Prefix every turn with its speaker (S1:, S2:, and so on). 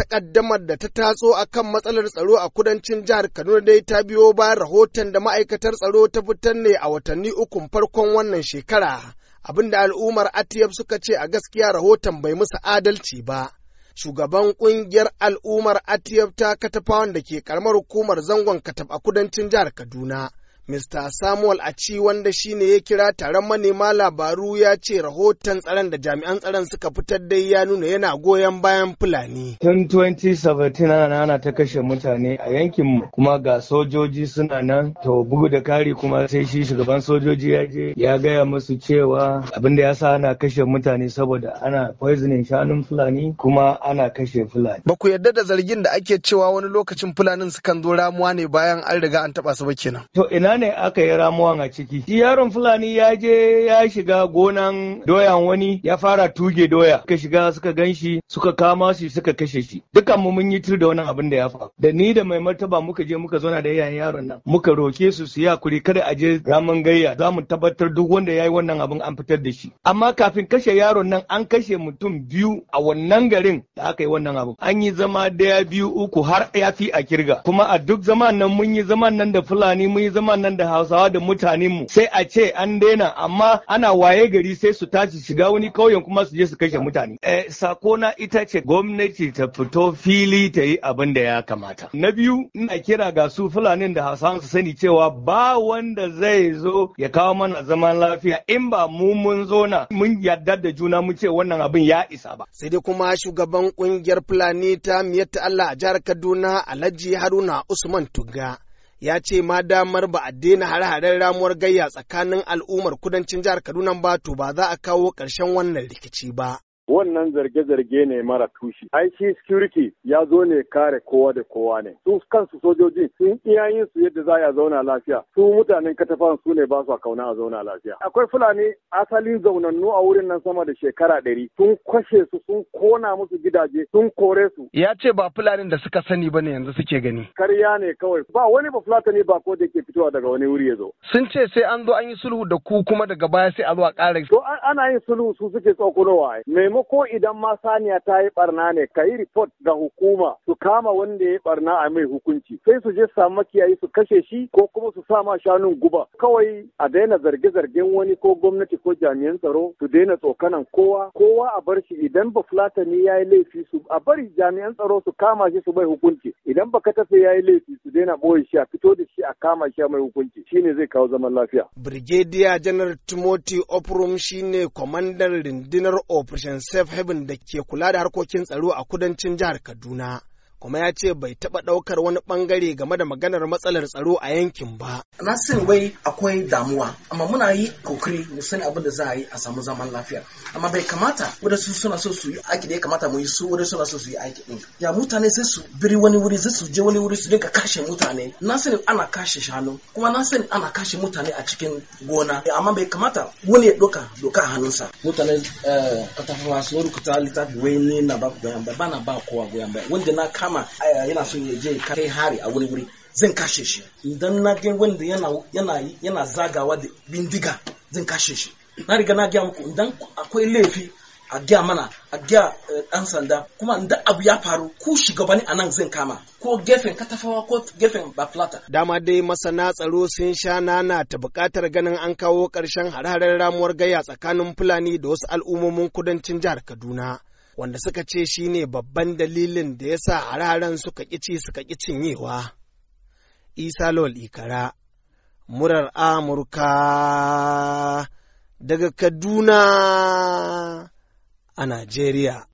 S1: takaddamar da ta taso a kan matsalar tsaro a kudancin jihar Kaduna dai ta biyo bayan rahoton da ma'aikatar tsaro ta fitar ne a watanni ukun farkon wannan shekara, abin da al'ummar Atiyaf suka ce a gaskiya rahoton bai musu adalci ba. Shugaban ƙungiyar al'ummar Atiyaf ta katafawan da ke karamar hukumar zangon Katab a kudancin jihar Kaduna, Mr. Samuel a ci wanda shi ne ya kira taron manema labaru ya ce rahoton tsaron da jami'an tsaron suka fitar dai ya nuna yana goyon bayan Fulani.
S2: Tun 2017 ana ana ta kashe mutane a yankin kuma ga sojoji suna nan to bugu da kari kuma sai shi shugaban sojoji ya je ya gaya musu cewa abin da ya sa ana kashe mutane saboda ana poisoning shanun Fulani kuma ana kashe Fulani.
S1: Ba ku yarda da zargin da ake cewa wani lokacin Fulanin sukan zo ramuwa ne bayan an riga an taɓa su ba kenan.
S2: To ina ne aka yi ramuwan a ciki shi yaron fulani ya je ya shiga gonan doyan wani ya fara tuge doya suka shiga suka gan shi suka kama shi suka kashe shi dukan mu mun yi tur da wannan abin da ya faru da ni da mai martaba muka je muka zauna da iyayen yaron nan muka roke su su ya kuri kada a je ramin gayya za mu tabbatar duk wanda ya yi wannan abin an fitar da shi amma kafin kashe yaron nan an kashe mutum biyu a wannan garin da aka yi wannan abin an yi zama daya biyu uku har ya fi a kirga kuma a duk zaman nan mun yi zaman nan da fulani mun yi zaman nan nan da Hausawa da mutanen mu sai a ce an daina amma ana waye gari sai su tashi shiga wani kauyen kuma su je su kashe mutane. Eh sako na ita ce gwamnati ta fito fili ta yi abin da ya kamata. Na biyu ina kira ga su Fulanin da Hausawa su sani cewa ba wanda zai zo ya kawo mana zaman lafiya in ba mu mun zo na mun yarda da juna mu ce wannan abin ya isa ba.
S1: Sai dai kuma shugaban kungiyar Fulani ta Miyatta Allah a jihar Kaduna Alhaji Haruna Usman Tuga ya ce ma damar ba a daina hare-haren ramuwar gayya tsakanin al'ummar kudancin jihar Kaduna ba to ba za a
S3: kawo ƙarshen wannan rikici ba. wannan zarge-zarge ne mara tushe. Aiki security ya zo ne kare kowa da kowa ne. Su kansu sojoji sun iyayen su yadda za a zauna lafiya. Su mutanen katafan su ne ba su kauna a zauna lafiya. Akwai Fulani asalin zaunannu a wurin nan sama da shekara ɗari. Sun kwashe su sun kona musu gidaje sun kore su.
S2: Ya
S1: ce ba Fulanin da suka sani ba ne yanzu suke gani.
S3: Karya ne kawai. Ba wani ba Fulatani ba ko da ke fitowa daga wani wuri ya zo.
S1: Sun ce sai an zo an yi sulhu da ku kuma daga baya sai a zo a ƙara. To
S3: ana yin sulhu su suke tsokonowa. kuma ko idan ma saniya ta yi barna ne ka yi report ga hukuma su kama wanda ya yi barna a mai hukunci sai su je samu makiyayi su kashe shi ko kuma su sa ma shanun guba kawai a daina zarge-zargen wani ko gwamnati ko jami'an tsaro su daina tsokanan kowa kowa a bar shi idan ba fulatani ya yi laifi su a bari jami'an tsaro su kama shi su mai hukunci idan ba ka tafi ya yi laifi su daina boye shi a fito da shi a kama shi a mai hukunci shi ne zai kawo zaman lafiya.
S1: Brigadier
S3: General Timothy Oprum shine
S1: kwamandan rundunar Operation safe haven da ke kula da harkokin tsaro a kudancin jihar kaduna kuma ya ce bai taɓa ɗaukar wani bangare game da maganar matsalar tsaro a yankin ba. Na sin wai akwai damuwa, amma muna yi kokari mu sani abin da za a yi
S4: a samu zaman lafiya. Amma bai kamata su suna so su yi aiki da ya kamata mu yi su wadansu suna so su yi aiki ɗin. Ya mutane sai su biri wani wuri sai su je wani wuri su dinga kashe mutane. Na sani ana kashe shanu kuma na sani ana kashe mutane a cikin gona. Amma bai kamata wani ya ɗauka doka hannunsa. Mutane katafawa eh, sun rukuta littafi wai ni na ba goyon ba na ba kowa goyon ba wanda na kama kama yana son ya je kai hari a wuri wuri zan kashe shi idan na ga wanda yana zagawa da bindiga zan kashe shi na riga na gaya muku idan akwai laifi a gaya mana a gaya dan eh, sanda kuma inda abu ya faru ku shugabani a nan zan kama ko gefen katafawa ko gefen baflata.
S1: Dama dai masana tsaro sun sha nana ta bukatar ganin an kawo karshen hare-haren ramuwar gaya tsakanin Fulani da wasu al'ummomin kudancin jihar Kaduna. wanda suka ce shi ne babban dalilin da ya sa hararen suka ƙici suka ƙi cinyewa. Isa Lol Ikara, murar Amurka daga Kaduna a Najeriya.